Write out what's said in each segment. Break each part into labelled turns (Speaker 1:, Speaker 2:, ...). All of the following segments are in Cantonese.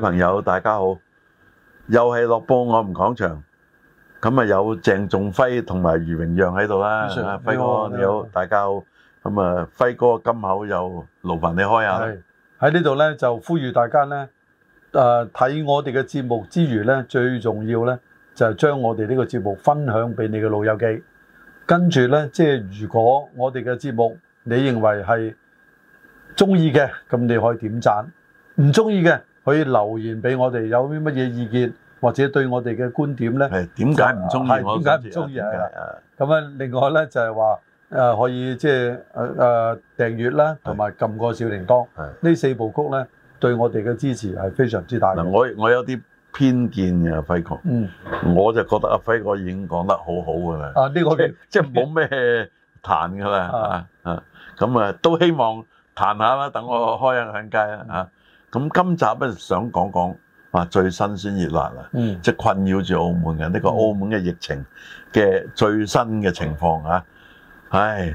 Speaker 1: 朋友，大家好，又係樂報，我唔講場，咁啊有鄭仲輝同埋余榮讓喺度啦。輝、嗯、哥、嗯、你好，你好，大家好。咁啊，輝哥金口有勞煩你開
Speaker 2: 下啦。喺呢度咧就呼籲大家咧，誒、呃、睇我哋嘅節目之餘咧，最重要咧就係、是、將我哋呢個節目分享俾你嘅老友記。跟住咧，即係如果我哋嘅節目你認為係中意嘅，咁你可以點贊；唔中意嘅。可以留言俾我哋有啲乜嘢意見，或者對我哋嘅觀點咧，係點解唔中意？係點解唔中意？係啊！咁啊，另外咧就係話可以即係誒訂閲啦，同埋撳個小鈴鐺呢四部曲咧，對我哋嘅支持係非常之大。嗱，我我有啲偏
Speaker 1: 見嘅輝哥。嗯，我就覺得阿輝哥已經講得好好㗎啦。啊，呢個即係即係冇咩彈㗎啦。啊啊，咁啊都希望彈下啦，等我開下眼界。咁今集咧想講講最新鮮熱辣啊！即、嗯就是、困擾住澳門嘅呢、呢個澳門嘅疫情嘅最新嘅情況。嗯、唉，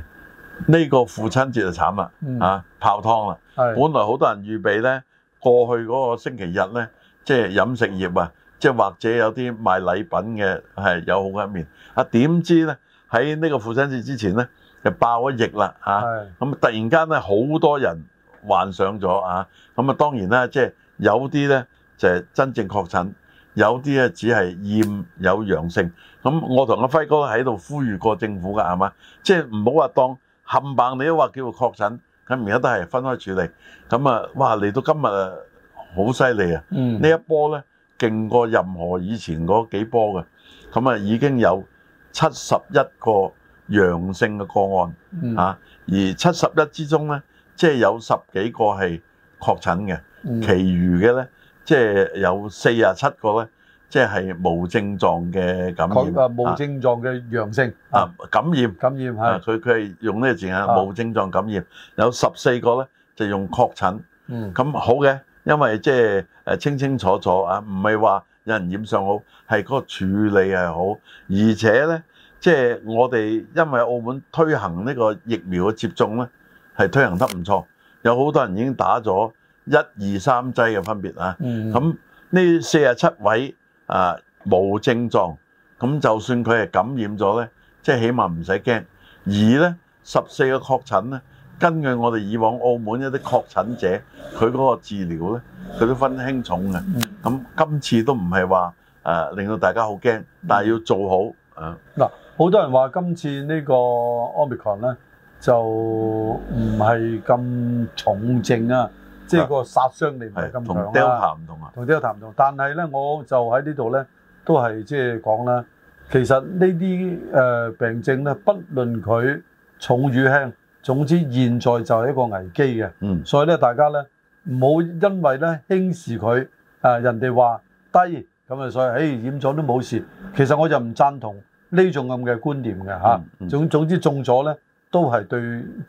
Speaker 1: 呢、呢個父親節就慘啦，嗯啊、泡湯啦，嗯！本來好多人預備咧，過去嗰個星期日咧，即、就、係、是、飲食業啊，即、就、係、是、或者有啲賣禮品嘅係有好一面。啊，點知咧喺呢個父親節之前咧就爆咗疫啦嚇！咁、啊嗯、突然間咧好多人。幻想咗啊！咁啊當然啦，即係有啲咧就係真正確診，有啲咧只係驗有陽性。咁我同阿輝哥喺度呼籲過政府㗎，係嘛？即係唔好話當冚唪唥你都話叫做確診，咁而家都係分開處理。咁啊，哇！嚟到今日好犀利啊！嗯，呢一波咧勁過任何以前嗰幾波嘅。咁啊已經有七十一個陽性嘅個案啊，而七十一之中咧。即係有十幾個係確診嘅，其餘嘅咧，即係有四廿七個咧，即係無症狀嘅感染。佢啊無症狀嘅陽性啊感染啊感染啊，佢佢係用呢個字眼，冇症狀感染有十四個咧，就用確診。嗯，咁好嘅，因為即係誒清清楚楚啊，唔係話有人染上好，係嗰個處理係好，而且咧，即係我哋因為澳門推行呢個疫苗嘅接種咧。係推行得唔錯，有好多人已經打咗一、二、三劑嘅分別啊。咁呢四十七位啊冇症狀，咁就算佢係感染咗咧，即係起碼唔使驚。而咧十四個確診咧，根據我哋以往澳門一啲確診者，佢嗰個治療咧，佢都分輕重嘅。咁今次都唔係話誒令到大家好驚，但係要做好啊。嗱，好多人話今次呢
Speaker 2: 個 Omicron 咧。就唔係咁重症啊，即係個殺傷力唔係咁強啦。同釣談唔同啊，同釣談唔同。但係咧，我就喺呢度咧，都係即係講啦。其實呢啲誒病症咧，不論佢重與輕，總之現在就係一個危機嘅。嗯。所以咧，大家咧唔好因為咧輕視佢啊！人哋話低咁啊，所以唉染咗都冇事。其實我就唔贊同呢種咁嘅觀念嘅嚇。總總之中咗咧。都係對，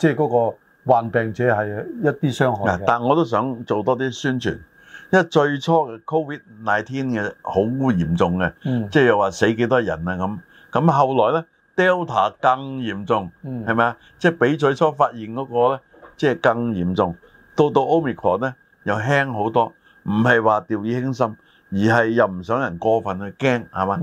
Speaker 2: 即係嗰個患病者係一啲傷害。
Speaker 1: 但係我都想做多啲宣傳，因為最初嘅 Covid Nineteen 嘅好嚴重嘅、嗯，即係又話死幾多人啊咁。咁後來咧 Delta 更嚴重，係咪啊？即係比最初發現嗰個咧，即係更嚴重。到到 Omicron 咧又輕好多，唔係話掉以輕心，而係又唔想人過分去驚，係嘛？咁、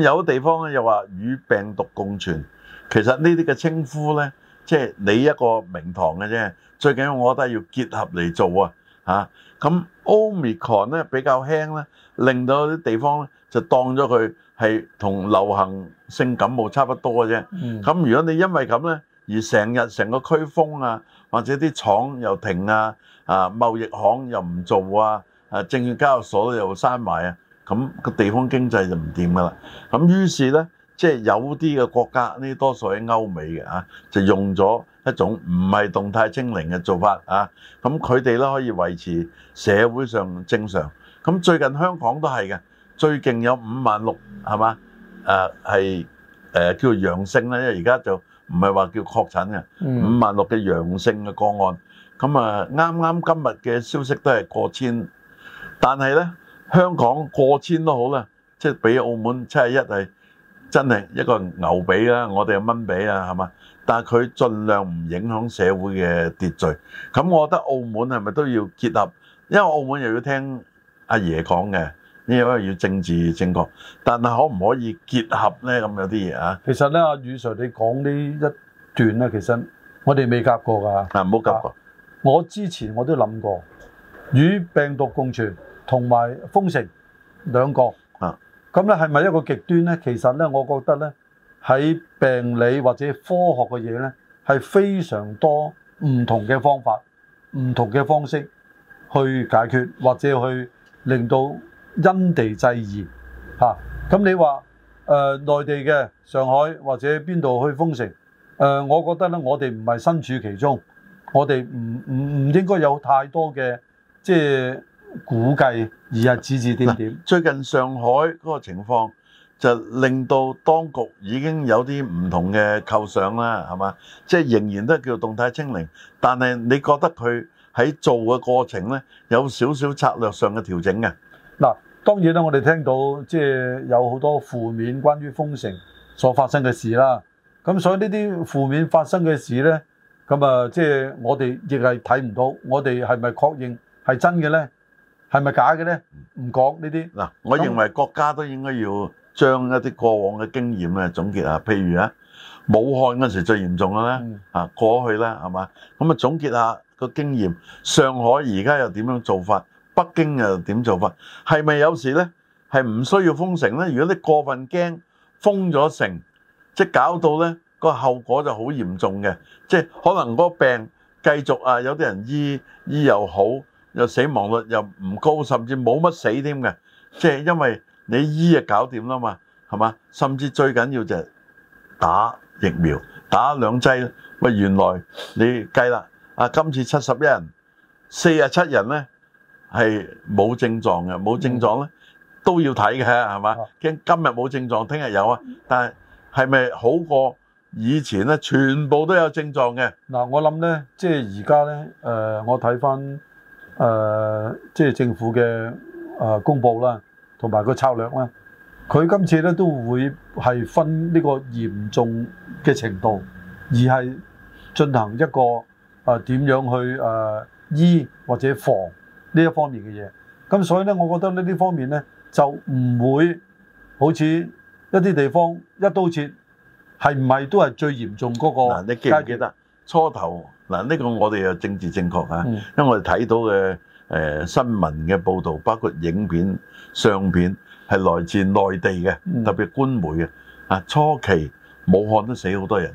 Speaker 1: 嗯、有啲地方咧又話與病毒共存，其實清呢啲嘅稱呼咧。即係你一個名堂嘅啫，最緊要我覺得係要結合嚟做啊！嚇，咁奧密克 Omicron 呢比較輕啦，令到啲地方咧就當咗佢係同流行性感冒差不多嘅啫。咁如果你因為咁咧，而成日成個區封啊，或者啲廠又停啊，啊貿易行又唔做啊，啊證券交易所又閂埋啊，咁個地方經濟就唔掂噶啦。咁於是咧。即係有啲嘅國家咧，多數喺歐美嘅啊，就用咗一種唔係動態清零嘅做法啊。咁佢哋咧可以維持社會上正常。咁最近香港都係嘅，最近有五萬六係嘛？誒係誒叫陽性咧，因為而家就唔係話叫確診嘅，五萬六嘅陽性嘅個案。咁啊啱啱今日嘅消息都係過千，但係咧香港過千都好啦，即係比澳門七十一係。真係一個牛髀啦，我哋蚊髀啊，係嘛？但係佢盡量唔影響社會嘅秩序。咁我覺得澳門係咪都要結合？因為澳門又要聽阿爺講嘅，因為要政治正確。但係可唔可以結合咧？咁有啲嘢啊。其實咧，阿余 sir 你講呢
Speaker 2: 一段咧，其實我哋未夾過㗎。啊，冇夾過。我之前我都諗過，與病毒共存同埋封城兩個。咁咧係咪一個極端呢？其實呢，我覺得呢喺病理或者科學嘅嘢呢，係非常多唔同嘅方法、唔同嘅方式去解決或者去令到因地制宜嚇。咁、啊、你話誒內地嘅上海或者邊度去封城？誒、呃，我覺得呢，我哋唔係身處其中，我哋唔唔唔應該有太
Speaker 1: 多嘅即係。估計而家指指點點，最近上海嗰個情況就令到當局已經有啲唔同嘅構想啦，係嘛？即係仍然都係叫動態清零，但係你覺得佢喺做嘅過程呢，有少少策略上嘅調整嘅？嗱，當然啦，我哋聽到
Speaker 2: 即係有好多負面關於封城所發生嘅事啦。咁所以呢啲負面發生嘅事呢，咁啊，即係我哋亦係睇唔到，我哋係咪確認係真嘅呢？係咪假嘅咧？唔講呢啲。嗱，我認為
Speaker 1: 國家都應該要將一啲過往嘅經驗咧總結下。譬如啊、嗯、啊，武漢嗰時最嚴重嘅咧，啊過去啦，係嘛？咁啊總結下個經驗。上海而家又點樣做法？北京又點做法？係咪有時咧係唔需要封城咧？如果你過分驚封咗城，即、係、搞到咧、個後果就好嚴重嘅。即、係、可能嗰個病繼續啊，有啲人醫醫又好。又死亡率又唔高，甚至冇乜死添嘅，即係因為你醫啊搞掂啦嘛，係嘛？甚至最緊要就係打疫苗，打兩劑。咪原來你計啦，啊，今次七十一人，四十七人咧係冇症狀嘅，冇症狀咧都要睇嘅，係嘛？驚今日冇症狀，聽日有啊。但係係咪好過以前咧？全部都有症狀嘅。嗱，我諗咧，
Speaker 2: 即係而家咧，誒，我睇翻。誒、呃，即係政府嘅誒、呃、公佈啦，同埋個策略啦。佢今次咧都會係分呢個嚴重嘅程度，而係進行一個誒點、呃、樣去誒、呃、醫或者防呢一方面嘅嘢。咁所以咧，我覺得呢呢方面咧就唔會好似一啲地方一刀切，係唔係都係最嚴
Speaker 1: 重嗰個家、啊？你記唔記得初頭？嗱，呢個我哋又政治正確啊，因為我哋睇到嘅誒、呃、新聞嘅報導，包括影片、相片，係來自內地嘅、嗯，特別官媒嘅。啊，初期武漢都死好多人，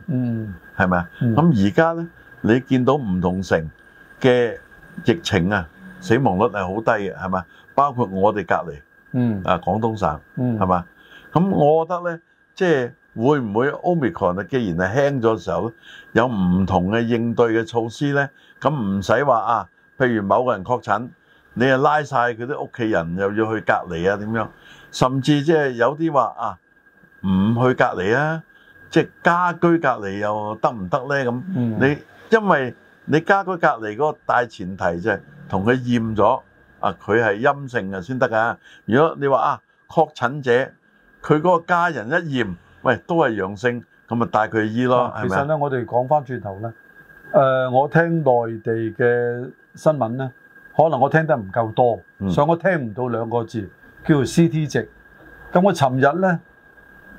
Speaker 1: 係咪啊？咁而家咧，你見到唔同城嘅疫情啊，死亡率係好低嘅，係咪？包括我哋隔籬，啊廣東省，係嘛？咁、嗯嗯、我覺得咧，即、就、係、是。會唔會 Omicron 啊？既然係輕咗嘅時候咧，有唔同嘅應對嘅措施咧，咁唔使話啊。譬如某個人確診，你啊拉晒佢啲屋企人，又要去隔離啊點樣？甚至即係有啲話啊，唔去隔離啊，即係家居隔離又得唔得咧？咁你因為你家居隔離嗰個大前提就係同佢驗咗啊，佢係陰性嘅先得㗎。如果你話啊確診者佢嗰個家人一驗，喂，都係陽性，咁咪帶佢去醫咯。其實咧，
Speaker 2: 我哋講翻轉頭咧，誒，我聽內地嘅新聞咧，可能我聽得唔夠多，所以我聽唔到兩個字叫做 CT 值。咁我尋日咧，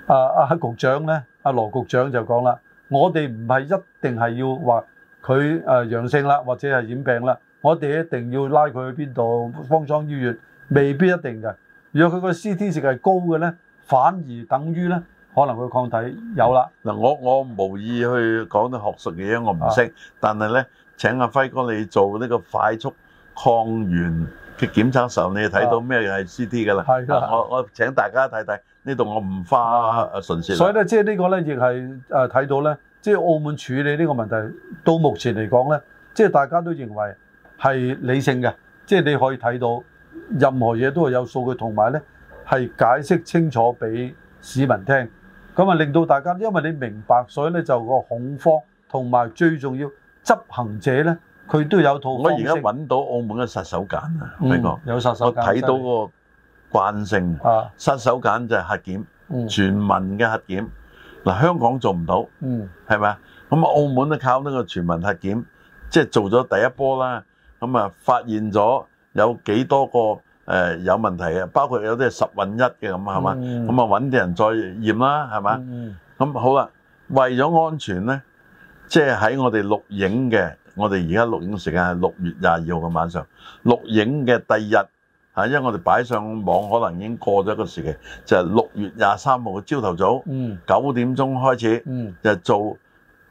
Speaker 2: 阿阿局長咧，阿羅局長就講啦，我哋唔係一定係要話佢誒陽性啦，或者係染病啦，我哋一定要拉佢去邊度方艙醫院，未必一定嘅。如果佢個 CT 值係高嘅咧，反而等於咧。可能佢抗體有啦。
Speaker 1: 嗱、嗯，我我無意去講啲學術嘅嘢，我唔識。但係咧，請阿輝哥你做呢個快速抗原嘅檢測嘅時候，你睇到咩係 CT 㗎啦？係㗎、嗯。我我請大家睇睇呢度，這裡我唔花啊唇舌。所以咧，即係呢個咧，亦係誒睇到咧，
Speaker 2: 即係澳門處理呢個問題，到目前嚟講咧，即係大家都認為係理性嘅，即係你可以睇到任何嘢都係有數據，同埋咧係解釋清楚俾市民聽。咁啊，令到大家，因為你明白，所以咧就個恐慌，同埋最重要執行者咧，佢都有套方式。我而家揾
Speaker 1: 到澳門嘅殺手鐧、嗯、啊，呢有殺手鐧。我睇到個慣性啊，殺手鐧就係核檢，全民嘅核檢。嗱、嗯，香港做唔到，係、嗯、咪？咁啊，澳門都靠呢個全民核檢，即係做咗第一波啦。咁啊，發現咗有幾多個？誒、呃、有問題嘅，包括有啲係十混一嘅咁，係嘛？咁啊，揾啲人再驗啦，係嘛？咁、mm -hmm. 好啦，為咗安全咧，即係喺我哋錄影嘅，我哋而家錄影時間係六月廿二號嘅晚上。錄影嘅第二日、啊、因為我哋擺上網可能已經過咗一個時期，就係、是、六月廿三號嘅朝頭早，九、mm -hmm. 點鐘開始，mm -hmm. 就做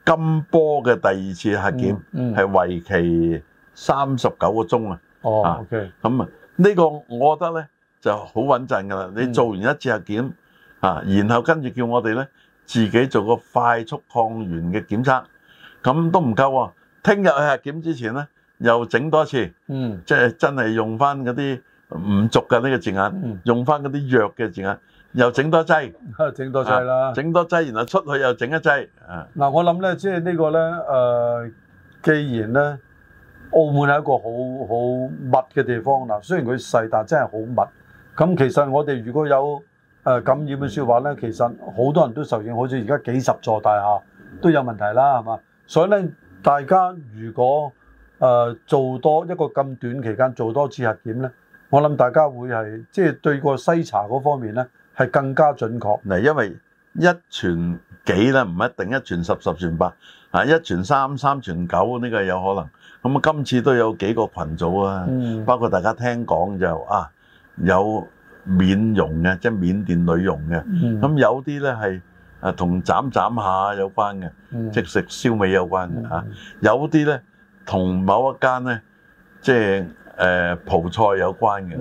Speaker 1: 金波嘅第二次核檢，係、mm、為 -hmm. 期三十九個鐘、mm -hmm. 啊。哦、oh，OK，咁啊。呢個我覺得咧就好穩陣㗎啦。你做完一次核檢啊，然後跟住叫我哋咧自己做個快速抗原嘅檢測，咁都唔夠喎。聽日去核檢之前咧，又整多次，嗯，即係真係用翻嗰啲唔足嘅呢個字眼，用翻嗰啲弱嘅字眼，又整多劑，
Speaker 2: 整多劑啦，整
Speaker 1: 多劑，然後出去又整一劑。
Speaker 2: 嗱，我諗咧，即係呢個咧，誒，既然咧。澳門係一個好好密嘅地方嗱，雖然佢細，但真係好密。咁其實我哋如果有誒感染嘅説話咧，其實好多人都受影響，好似而家幾十座大廈都有問題啦，係嘛？所以咧，大家如果誒、呃、做多一個咁短期間做多次核檢咧，我諗大家會係即係對個篩查嗰方面咧
Speaker 1: 係更加準確。嗱，因為一傳幾咧唔一定一傳十十傳八啊，一傳三三傳九呢個係有可能。咁啊，今次都有幾個羣組啊，包括大家聽講就啊，有緬傭嘅，即係緬甸女傭嘅。咁有啲咧係啊，同斬斬下有關嘅，即係食燒味有關嘅嚇。有啲咧同某一間咧，即係誒葡菜有關嘅。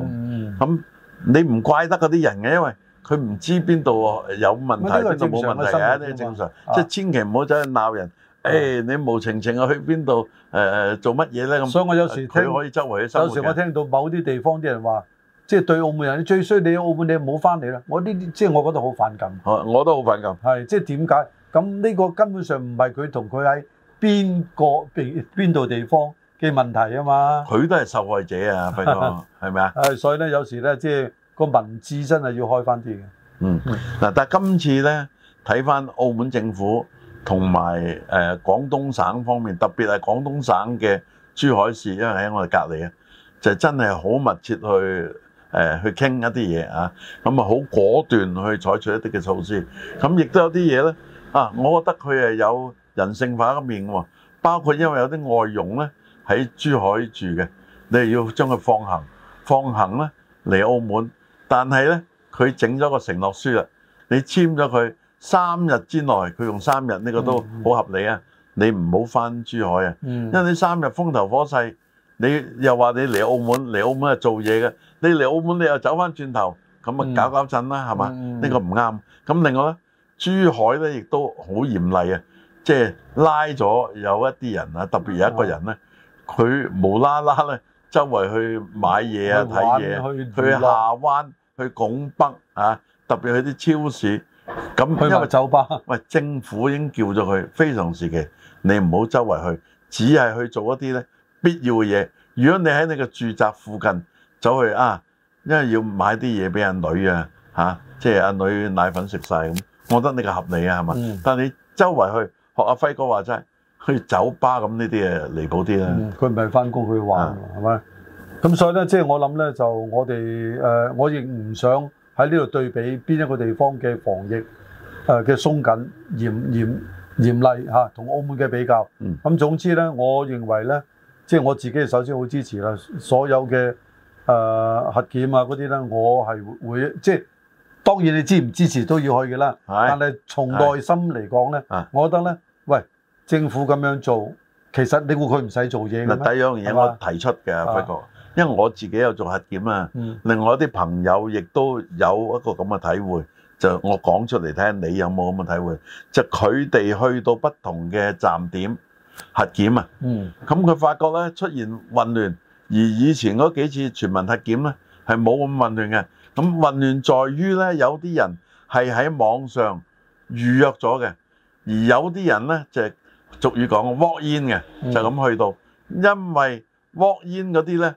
Speaker 1: 咁你唔怪得嗰啲人嘅，因為佢唔知邊度有問題都冇問題嘅，呢啲正常。即係千祈唔好走去鬧人。誒，你無情情啊去邊度？誒做乜嘢咧咁？所以我有時佢可以周圍去生活嘅。有時我聽
Speaker 2: 到某啲地方啲人話，即係對澳門人最衰，你澳門你冇翻嚟啦。我呢啲即係我覺得好反感。
Speaker 1: 哦，我都好反感。係，
Speaker 2: 即係點解？咁呢個根本上唔係佢同佢喺邊個邊邊度地方嘅問題啊嘛。佢都係
Speaker 1: 受害者啊，費哥，係咪啊？
Speaker 2: 誒，所以咧有時咧，即係個文字真係要開翻啲
Speaker 1: 嘅。嗯，嗱，但係今次咧睇翻澳門政府。同埋誒廣東省方面，特別係廣東省嘅珠海市，因為喺我哋隔籬啊，就真係好密切去誒去傾一啲嘢啊，咁啊好果斷去採取一啲嘅措施，咁亦都有啲嘢咧啊，我覺得佢係有人性化一面喎，包括因為有啲外傭咧喺珠海住嘅，你係要將佢放行，放行咧嚟澳門，但係咧佢整咗個承諾書啊，你簽咗佢。三日之內，佢用三日呢、呢個都好合理啊、嗯！你唔好翻珠海啊、嗯，因為你三日風頭火勢，你又話你嚟澳門嚟澳門係做嘢嘅，你嚟澳門你又走翻轉頭咁啊搞搞震啦係嘛？呢、嗯呢個唔啱。咁另外咧，珠海咧亦都好嚴厲啊，即係拉咗有一啲人啊，特別有一個人咧，佢、嗯、無啦啦咧，周圍去買嘢啊、睇嘢、去下灣、去拱北啊，特別去啲超市。咁因為去酒吧喂，政府已經叫咗佢非常時期，你唔好周圍去，只係去做一啲咧必要嘅嘢。如果你喺你個住宅附近走去啊，因為要買啲嘢俾阿女啊，吓，即係阿女奶粉食晒咁，我覺得呢個合理啊，係嘛、嗯。但係你周圍去學阿輝哥話齋，去酒吧咁呢啲嚟彌補啲啦。
Speaker 2: 佢唔係翻工，佢、嗯、玩係咪？咁、嗯、所以咧，即、就、係、是、我諗咧，就我哋誒，我亦唔想。喺呢度對比邊一個地方嘅防疫的鬆緊，誒嘅鬆緊嚴嚴嚴厲嚇，同澳門嘅比較。咁、嗯、總之咧，我認為咧，即係我自己首先好支持啦，所有嘅誒、呃、核檢啊嗰啲咧，我係會即係當然你支唔支持都要去嘅啦。但係從內心嚟講咧，我覺得咧，喂，政府咁樣做，其實你估佢唔使做嘢㗎咩？第一樣嘢我
Speaker 1: 提出嘅輝哥。因為我自己有做核檢啊、嗯，另外啲朋友亦都有一個咁嘅體會，就我講出嚟睇下你有冇咁嘅體會。就佢哋去到不同嘅站點核檢啊，咁、嗯、佢發覺咧出現混亂，而以前嗰幾次全民核檢咧係冇咁混亂嘅。咁混亂在於咧有啲人係喺網上預約咗嘅，而有啲人咧就係俗語講 walk in 嘅，就咁、是嗯、去到，因為 walk in 嗰啲咧。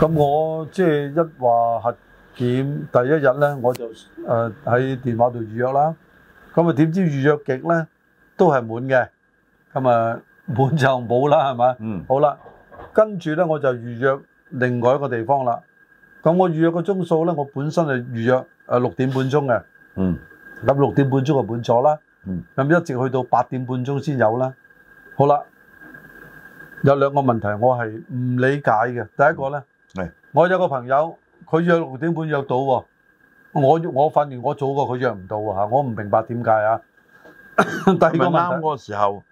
Speaker 1: 咁我
Speaker 2: 即係一話核檢第一日咧，我就誒喺電話度預約啦。咁啊點知預約極咧都係滿嘅。咁啊滿就冇啦，係咪？嗯。好啦，跟住咧我就預約另外一個地方啦。咁我預約個鐘數咧，我本身係預約誒六點半鐘嘅。
Speaker 1: 嗯。
Speaker 2: 咁六點半鐘嘅滿咗啦。嗯。咁一直去到八點半鐘先有啦。好啦，有兩個問題我係唔理解嘅。第一個咧。我有個朋友，佢約六點半約到喎，我我發現我早過佢約唔到喎嚇，我唔明白點解啊？第二個啱嗰個
Speaker 1: 時候，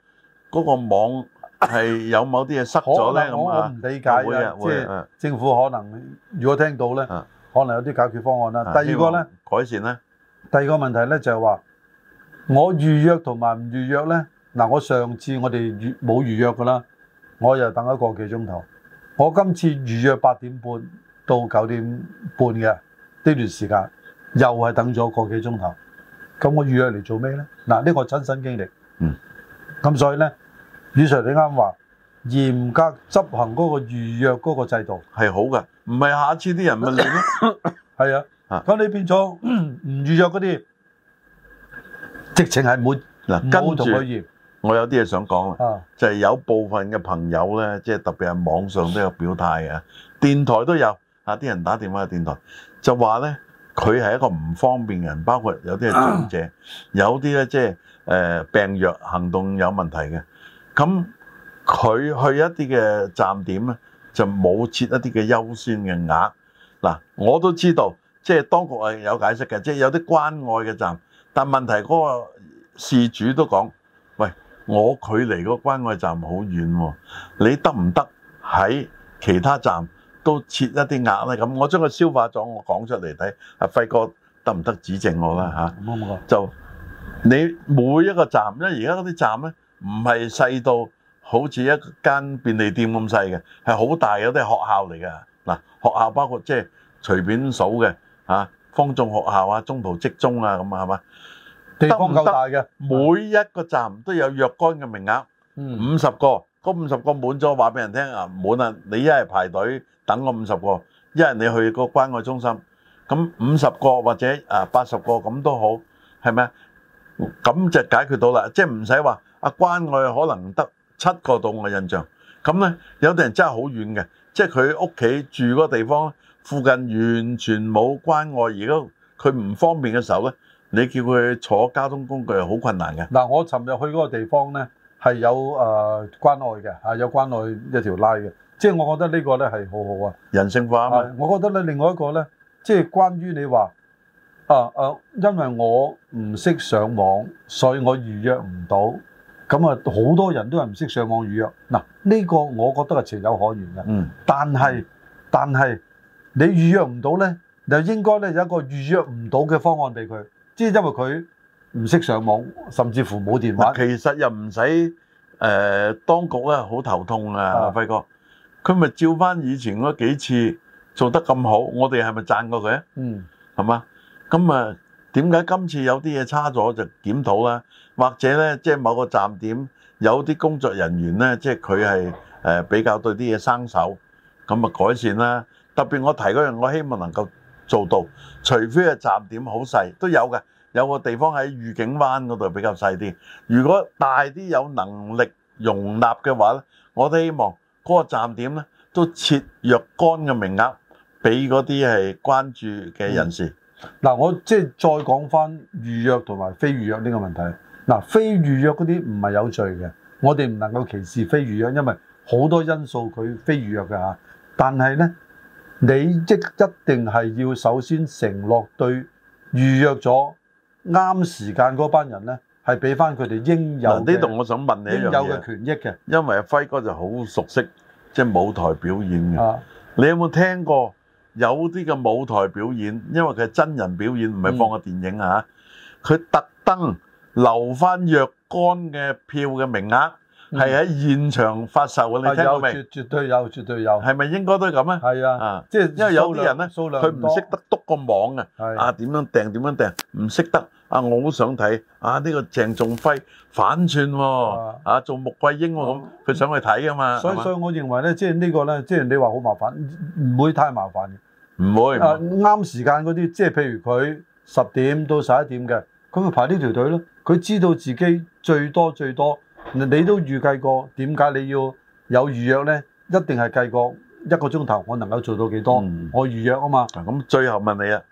Speaker 1: 嗰個網係有某啲嘢塞咗咧。咁啊，我唔理解啊，即係政府可能
Speaker 2: 如果聽到咧，可能有啲解決方案啦。第二個咧，改善咧。第二個問題咧就係話，我預約同埋唔預約咧，嗱我上次我哋預冇預約噶啦，我又等一個幾鐘頭。我今次預約八點半到九點半嘅呢段時間，又係等咗個幾鐘頭。咁我預約嚟做咩咧？嗱，呢個係親身經歷。嗯。咁所以咧，余 Sir 你啱話嚴格執行嗰個預約嗰個制度係好嘅，唔係下次啲人咪嚟咯。
Speaker 1: 係啊。啊。咁你變咗唔預約嗰啲，直情係冇嗱跟住。我有啲嘢想講啦，就係有部分嘅朋友咧，即係特別係網上都有表態嘅，電台都有啊。啲人打電話去電台就話咧，佢係一個唔方便嘅人，包括有啲係長者，有啲咧即係誒病弱、行動有問題嘅。咁佢去一啲嘅站點咧，就冇設一啲嘅優先嘅額嗱。我都知道，即係當局係有解釋嘅，即係有啲關愛嘅站，但問題嗰個事主都講。我距離嗰關愛站好遠喎，你得唔得喺其他站都設一啲額咧？咁我將佢消化咗，行行我講出嚟睇。阿輝哥得唔得指正我啦？就你每一個站，因為而家嗰啲站咧唔係細到好似一間便利店咁細嘅，係好大嗰啲學校嚟㗎。嗱，學校包括即係隨便數嘅嚇、啊，方中學校啊，中葡職中啊，咁啊，係嘛？地方夠大嘅，每一個站都有若干嘅名額，五十個。嗰五十個滿咗，話俾人聽啊，滿啦！你一係排隊等我五十個，一係你去個關愛中心。咁五十個或者啊八十個咁都好，係咪啊？咁就解決到啦，即係唔使話啊關愛可能得七個到我印象。咁咧有啲人真係好遠嘅，即係佢屋企住嗰個地方附近完全冇關愛，而都佢唔方便嘅時候咧。你叫佢坐交通工具係好困難嘅。
Speaker 2: 嗱，我尋日去嗰個地方呢，係有誒、呃、關愛嘅，嚇有關愛一條拉嘅，即係我、啊、我覺得呢個呢係好好啊，人性化啊嘛。我覺得咧，另外一個呢，即係關於你話啊啊，因為我唔識上網，所以我預約唔到。咁啊，好多人都係唔識上網預約。嗱、啊，呢、這個我覺得係情有可原嘅。嗯。但係但係你預約唔到呢，就應該呢，有一個預約唔到嘅方案俾佢。即係因為佢
Speaker 1: 唔識上網，甚至乎冇電話。其實又唔使誒當局咧，好頭痛啊，阿輝哥。佢咪照翻以前嗰幾次做得咁好，我哋係咪讚過佢？嗯，係嘛？咁啊，點解今次有啲嘢差咗就檢討啦？或者咧，即係某個站點有啲工作人員咧，即係佢係誒比較對啲嘢生手，咁啊改善啦。特別我提嗰樣，我希望能夠。做到，除非個站點好細，都有嘅。有個地方喺御景灣嗰度比較細啲。如果大啲有能力容納嘅話咧，我都希望嗰個站點咧都設若干嘅名額俾嗰啲係關注嘅人士。嗱、嗯嗯嗯，我即係再講返預約
Speaker 2: 同埋非預約呢個問題。嗱、嗯，非預約嗰啲唔係有罪嘅，我哋唔能夠歧視非預約，因為好多因素佢非預約嘅嚇。但係咧。你即一定係要首先承諾對預約咗啱時間嗰班人咧，係俾翻佢哋應有嘅，呢度我
Speaker 1: 想問你，應有嘅權益嘅。因為阿輝哥就好熟悉即係舞台表演嘅。你有冇聽過有啲嘅舞台表演？因為佢係真人表演，唔係放個電影吓！佢特登留翻若干嘅票嘅名額。係喺現場發售，你聽過未？絕
Speaker 2: 絕對有，絕對有。係
Speaker 1: 咪應該都係咁啊？係啊，即係因為有啲人咧，佢唔識得篤個網嘅，係啊，點樣訂點樣訂，唔識得。啊，我好想睇啊，呢個鄭仲輝反串喎，啊，做穆桂英咁，佢想去睇啊嘛。所以所以，
Speaker 2: 我認為咧，即係呢個咧，即係你話好麻煩，唔會太麻煩嘅，唔會。啱時間嗰啲，即係譬如佢十點到十一點嘅，咁佢排呢條隊咯。佢知道自己最多最多。你都預計過點解你要有預約呢？一定係計過一個鐘頭，我能夠做到幾多、嗯？我
Speaker 1: 預約啊嘛。咁、嗯、最後問你啦，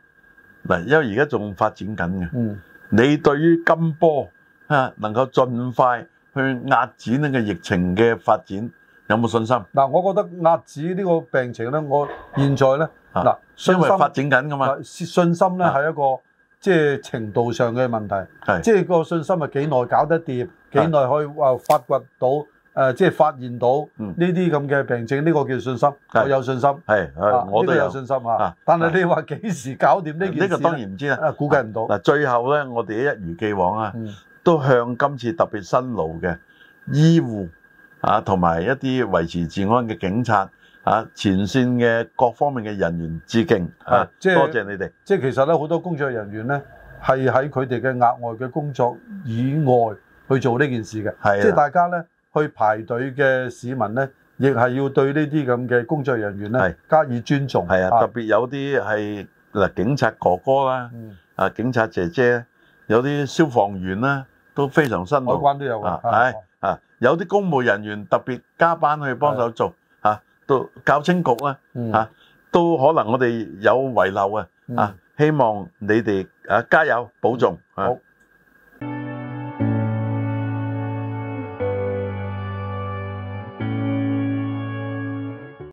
Speaker 1: 嗱，因為而家仲發展緊嘅、嗯，你對於今波、啊、能夠盡快去壓止呢個疫情嘅發展有冇信心？嗱、啊，我覺得壓止呢個病情呢，我現在呢，嗱、
Speaker 2: 啊啊，因為發展緊噶嘛、啊，信心呢係一個。啊即係程度上嘅問題，係即係個信心係幾耐搞得掂，幾耐可以話發掘到，誒、呃、即係發現到呢啲咁嘅病症，呢、這個叫信心，我有信心
Speaker 1: 係、啊，我都有，這個、有信心啊。但係你
Speaker 2: 話幾時搞掂呢件事？呢、這個當然唔
Speaker 1: 知啦，估計唔到。最後咧，我哋一如既往啊，嗯、都向今次特別辛勞嘅醫護啊，同埋一啲維持治安嘅警察。啊！前線嘅各方面嘅人員致敬啊！即係多謝
Speaker 2: 你哋。即係其實咧，好多工作人員咧，係喺佢哋嘅額外嘅工作以外去做呢件事嘅。係即係大家咧去排隊嘅市民咧，亦係要對呢啲咁嘅工作人員咧係加以尊重。係啊，
Speaker 1: 特別有啲係嗱警察哥哥啦，啊警察姐姐，有啲消防員啦，都非常辛苦。海關都有啊，係啊，有啲公務人員特別加班去幫手做。都教青局啊,啊，都可能我哋有遺漏啊,啊希望你哋啊加油保重。嗯